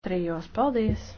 trijos. Paldies!